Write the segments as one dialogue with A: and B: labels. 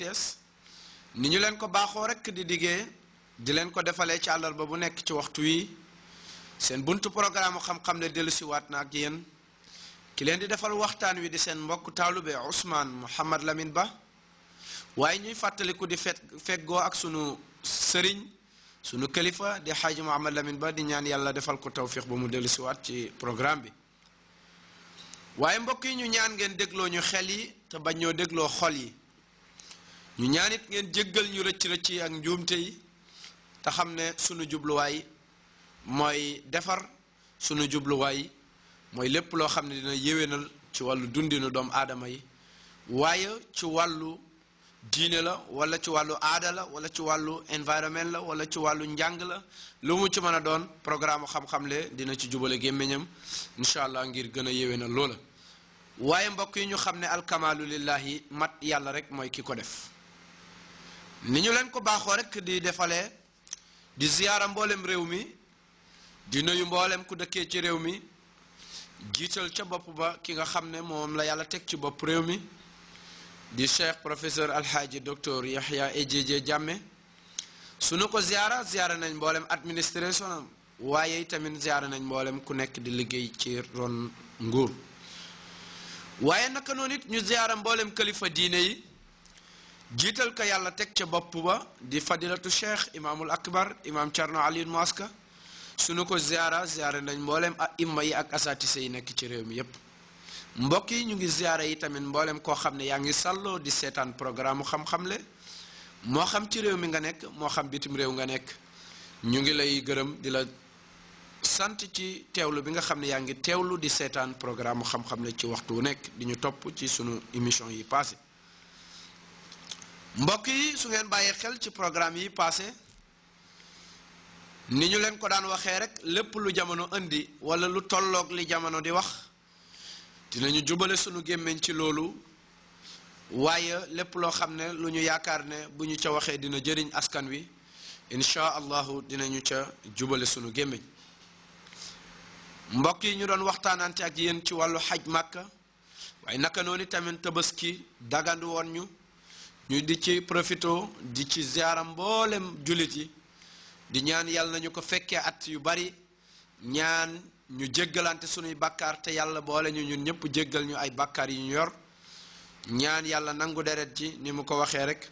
A: Thiès ni ñu leen ko baaxoo rek di diggee di leen ko defalee ci ba bu nekk ci waxtu wi seen buntu programme xam-xam ne dellusiwaat na ak yéen ki leen di defal waxtaan wi di seen mbokk taalube Ousmane Mouhamad Lamine Ba waaye ñuy fàttaliku di fet feggoo ak sunu sëriñ sunu kilifa di xaaji Mouhamad Lamine Ba di ñaan yàlla defal ko tawfiq ba mu dellusiwaat ci programme bi waaye mbokk yi ñu ñaan ngeen dégloo ñu xel yi te bañ ñoo dégloo xol yi ñu ñaanit ngeen jéggal ñu rëcc rëcc yi ak njuumte yi te xam ne suñu jubluwaay mooy defar sunu jubluwaay mooy lépp loo xam ne dina yéwénal ci wàllu dundinu doom aadama yi waaye ci wàllu diine la wala ci wàllu aada la wala ci wàllu environnement la wala ci wàllu njàng la lu mu ci mën a doon programme xam-xam le dina ci jubale gémmiñam incha allah ngir gën a yéwénal loola waaye mbokk yi ñu xam ne alkamaalu lillahi mat yàlla rek mooy ki ko def ni ñu leen ko baaxoo rek di defalee di ziyaara mbooleem réew mi di nuyu mbooleem ku dëkkee ci réew mi jiital ca bopp ba ki nga xam ne moom la yàlla teg ci bopp réew mi di cheikh professeur alhaaji docteur Yahya Ejeje Jammeh sunu ko ziyaara ziyaara nañ mboolem administration am waaye tamit ziyaara nañ mbooleem ku nekk di liggéey ci ron nguur waaye naka noonu it ñu ziyaara mboolem kalifa diine yi jiital ko yàlla teg ca bopp ba di fadilatu cheikh imaamul akbar imaam Thierno Alioune Maska suñu ko ziara ziara nañ mbooleem ak imma yi ak asatise yi nekk ci réew mi yépp mbokk yi ñu ngi ziara yi tamit mbooleem koo xam ne yaa ngi sàlloo di seetaan programme xam-xam le moo xam ci réew mi nga nekk moo xam bitim réew nga nekk ñu ngi lay gërëm di la sant ci teewlu bi nga xam ne yaa ngi teewlu di seetaan programme xam-xam le ci waxtu wu nekk di ñu topp ci sunu émission yi passé mbokk yi su ngeen bàyyee xel ci programme yi passé ni ñu leen ko daan waxee rek lépp lu jamono indi wala lu tolloog li jamono di wax dinañu jubale sunu gémmiñ ci loolu waaye lépp loo xam ne lu ñu yaakaar ne bu ca waxee dina jëriñ askan wi incha allahu dinañu ca jubale sunu gémmiñ mbokk yi ñu doon waxtaanante ak yéen ci wàllu xaj màkk waaye naka noonu tamit tabaski dagandu woon ñu ñu di ci profito di ci ziara mboolem jullit yi di ñaan yàlla nañu ko fekkee at yu bari ñaan ñu jéggalante sunuy bàkkaar te yàlla boole ñu ñun ñëpp jéggal ñu ay bàkkaar yi ñu yor ñaan yàlla nangu deret ji ni mu ko waxee rek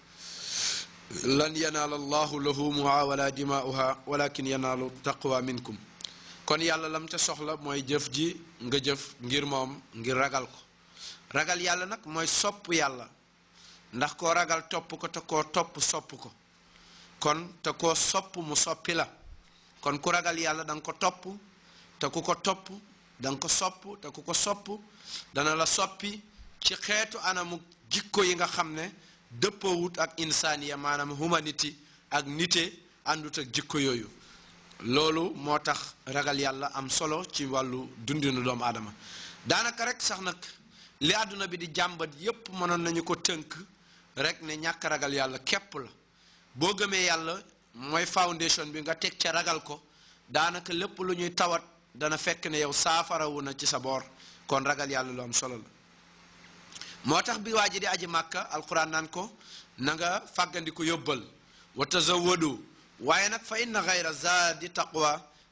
A: lan yanaala allahu luhumuha wala dimaa'uha walakin yanaalu taqwa minkum kon yàlla lam ca soxla mooy jëf ji nga jëf ngir moom ngir ragal ko ragal yàlla nag mooy sopp yàlla ndax ko ragal topp ko te koo topp sopp ko kon te ko sopp mu soppi la kon ku ragal yàlla danga ko topp te ku ko topp danga ko sopp te ku ko sopp dana la soppi ci xeetu anamu jikko yi nga xam ne dëppawut ak insaaniya maanaam humanité ak nite àndut ak jikko yooyu loolu moo tax ragal yàlla am solo ci wàllu dundinu doomu aadama daanaka rek sax nag li àdduna bi di jàmbat yépp mënoon nañu ko tënk rek ne ñàkk ragal yàlla képp la boo gëmee yàlla mooy foundation bi nga teg ca ragal ko daanaka lépp lu ñuy tawat dana fekk ne yow saafarawu na ci sa boor kon ragal yàlla lu am solo la moo tax bi ji di aji màkka alquran ko na nga fàggandiku yóbbal wa waaye nag fa inna xayra zaadi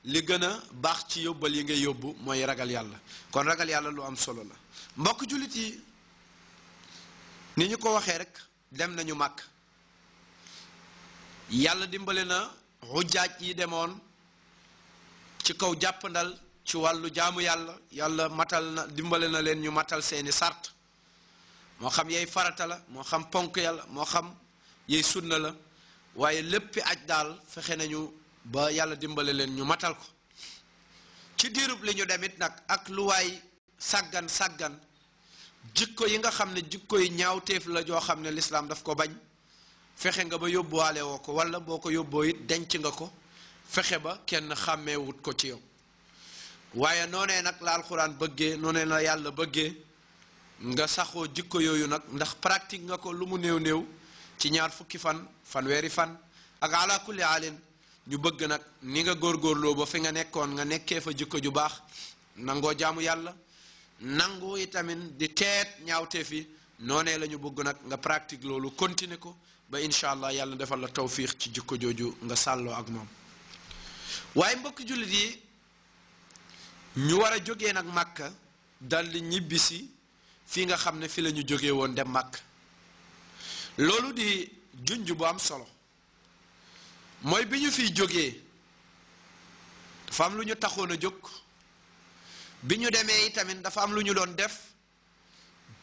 A: li gën a baax ci yóbbal yi ngay yóbbu mooy ragal yàlla kon ragal yàlla lu am solo la mbokk jullit yi ni ñu ko waxee rek dem nañu màkk yàlla dimbali na xujjaaj yi demoon ci kaw jàppandal ci wàllu jaamu yàlla yàlla matal na dimbali na leen ñu matal seeni sart moo xam yay farata la moo xam ponk yàlla moo xam yay sunna la waaye léppi aj daal fexe nañu ba yàlla dimbali leen ñu matal ko ci diirub li ñu demit nag ak lu waay sàggan sàggan jikko yi nga xam ne jikko yi ñaawteef la joo xam ne lislaam daf ko bañ fexe nga ba yóbbuwaale woo ko wala boo ko yóbboo it denc nga ko fexe ba kenn xàmmeewut ko ci yow waaye noonee nag la alxuraan bëggee noonee la yàlla bëggee nga saxoo jikko yooyu nag ndax pratique nga ko lu mu néew néew ci ñaar fukki fan fanweeri fan ak ala alin ñu bëgg nag ni nga góor góorgóorloo ba fi nga nekkoon nga nekkee fa jikko ju baax nangoo jaamu yàlla nangu itamit di teet ñaawteef yi noonee lañu ñu bëgg nag nga pratique loolu continuer ko ba incha allah yàlla defal la tawfiix ci jikko jooju nga sàlloo ak moom waaye mbokk jullit yi ñu war a jógee nag màkka daldi ñibbisi fii nga xam ne fi la ñu jógee woon dem màkk loolu di junj bu am solo mooy bi ñu fiy jógee dafa am lu ñu taxoon a jóg bi ñu demee tamit dafa am lu ñu doon def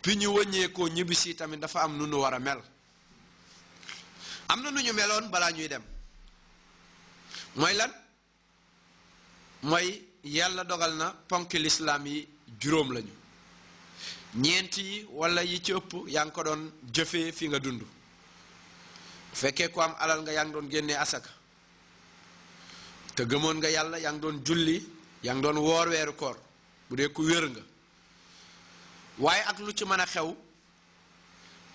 A: bi ñu wëññeekoo ñibbisi tamit dafa am lu ñu war a mel am na nu ñu meloon balaa ñuy dem mooy lan mooy yàlla dogal na ponk lislaam yi juróom lañu ñeent yi wala yi ci ëpp yaa ngi ko doon jëfee fi nga dund fekkee ku am alal nga yaa ngi doon génnee asaka te gëmoon nga yàlla yaa ngi doon julli yaa ngi doon woor weeru koor bu dee ku wér nga waaye ak lu ci mën a xew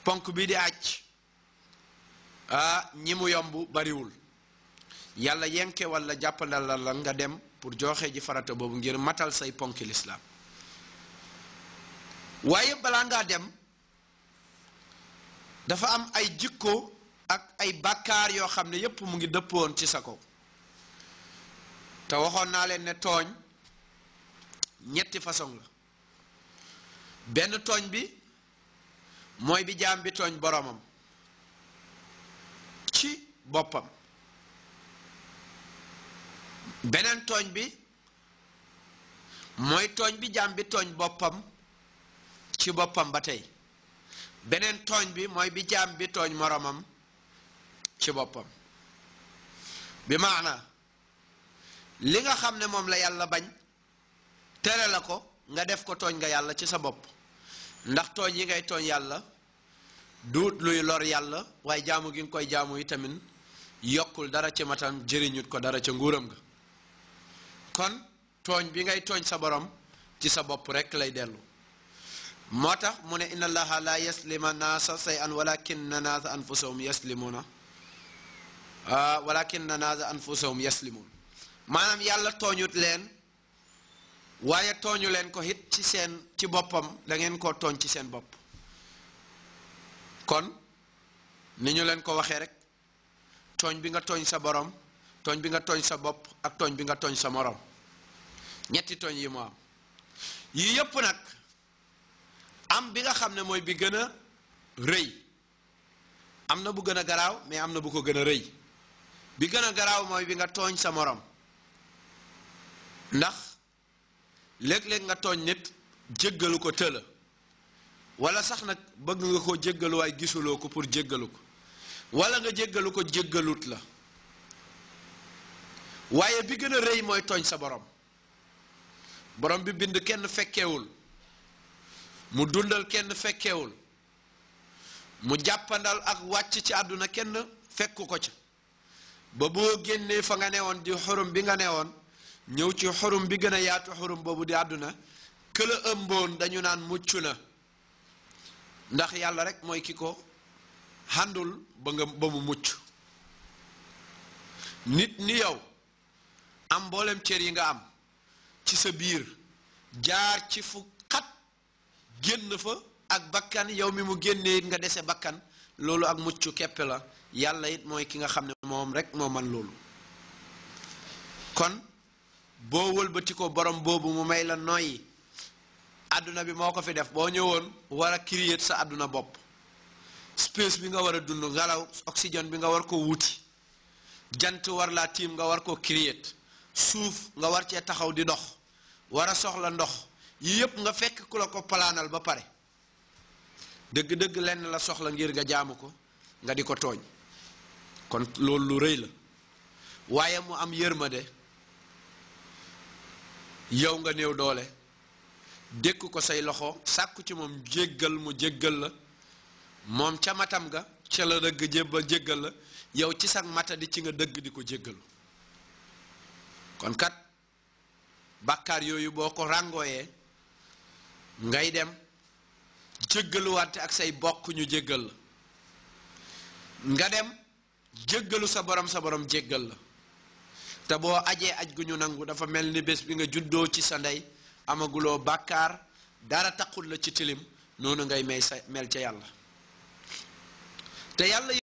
A: ponk bii di àcc ah ñi mu yomb bariwul yàlla yenke wala jàppandal la nga dem pour joxe ji farata boobu ngir matal say ponki lislaam waaye balaa ngaa dem dafa am ay jikko ak ay bàkkaar yoo xam ne yépp mu ngi dëppoon ci sa kaw te waxoon naa leen tooñ ñetti façon la benn tooñ bi mooy bi jaam bi tooñ boroomam ci boppam beneen mooy tooñ bi jaam boppam ci boppam ba tey beneen tooñ bi mooy bi jaam bi tooñ moroomam ci boppam bi maana li nga xam ne moom la yàlla bañ tere la ko nga def ko tooñ nga yàlla ci sa bopp ndax tooñ yi ngay tooñ yàlla duut luy lor yàlla waaye jaamu gi nga koy jaamu yi tamit yokkul dara ci matam jëriñut ko dara ca nguuram nga kon tooñ bi ngay tooñ sa boroom ci sa bopp rekk lay dellu moo tax mu ne inna allaha la yaslima naasa say an walakinna naasa anfusahum yaslimuuna ah, walakinna naasa anfusahum yaslimuun maanaam yàlla tooñut leen waaye tooñu leen ko it ci seen ci boppam da ngeen koo tooñ ci seen bopp kon ni ñu leen ko waxee rek tooñ bi nga tooñ sa borom tooñ bi nga tooñ sa bopp ak tooñ bi nga tooñ sa moroom ñetti tooñ yi moo am yii yëpp nag am bi nga xam ne mooy bi gën a rëy am na bu gën a garaaw mais am na bu ko gën a rëy bi gën a garaaw mooy bi nga tooñ sa moroom ndax léeg-léeg nga tooñ nit jéggalu ko tëla wala sax nag bëgg nga ko jéggalu gisuloo ko pour jéggalu ko wala nga jéggalu ko jéggalut la waaye bi gën a rëy mooy tooñ sa borom borom bi bind kenn fekkewul mu dundal kenn fekkewul mu jàppandal ak wàcc ci àdduna kenn fekku ko ca ba boo génnee fa nga ne woon di xorom bi nga woon ñëw ci xurum bi gën a yaatu xurum boobu di àdduna këla ëmboon dañu naan mucc na ndax yàlla rek mooy ki ko xàndul ba nga ba mu mucc nit ni yow am mboolem cër yi nga am ci sa biir jaar ci fu xat génn fa ak bakkan yow mi mu génnee it nga dese bakkan loolu ak mucc kepp la yàlla it mooy ki nga xam ne moom rek moo man loolu kon boo wëlbati ko borom boobu mu may la noyyi àdduna bi moo ko fi def boo ñëwoon war a créer sa àdduna bopp space bi nga war a dund ngelaw oxygène bi nga war ko wuti jant war laa tiim nga war ko créer suuf nga war cee taxaw di dox war a soxla ndox yii yépp nga fekk ku la ko palaanal ba pare dëgg-dëgg lenn la soxla ngir nga jaamu ko nga di ko tooñ kon loolu lu rëy la waaye mu am yërmande yow nga néew doole dékk ko say loxo sàkku ci moom jéggal mu jéggal la moom ca matam ga ca la dëgg jébbal jéggal la yow ci sag mata di ci nga dëgg di ko jéggalu kon kat bàkkaar yooyu boo ko ràngooyee ngay dem jéggaluwante ak say bokk ñu jéggal la nga dem jéggalu sa borom sa borom jéggal la te boo ajee aj gu ñu nangu dafa mel ni bés bi nga juddoo ci sa ndey amaguloo bàkkaar dara taqul la ci tilim noonu ngay may mel ca yàlla te yàlla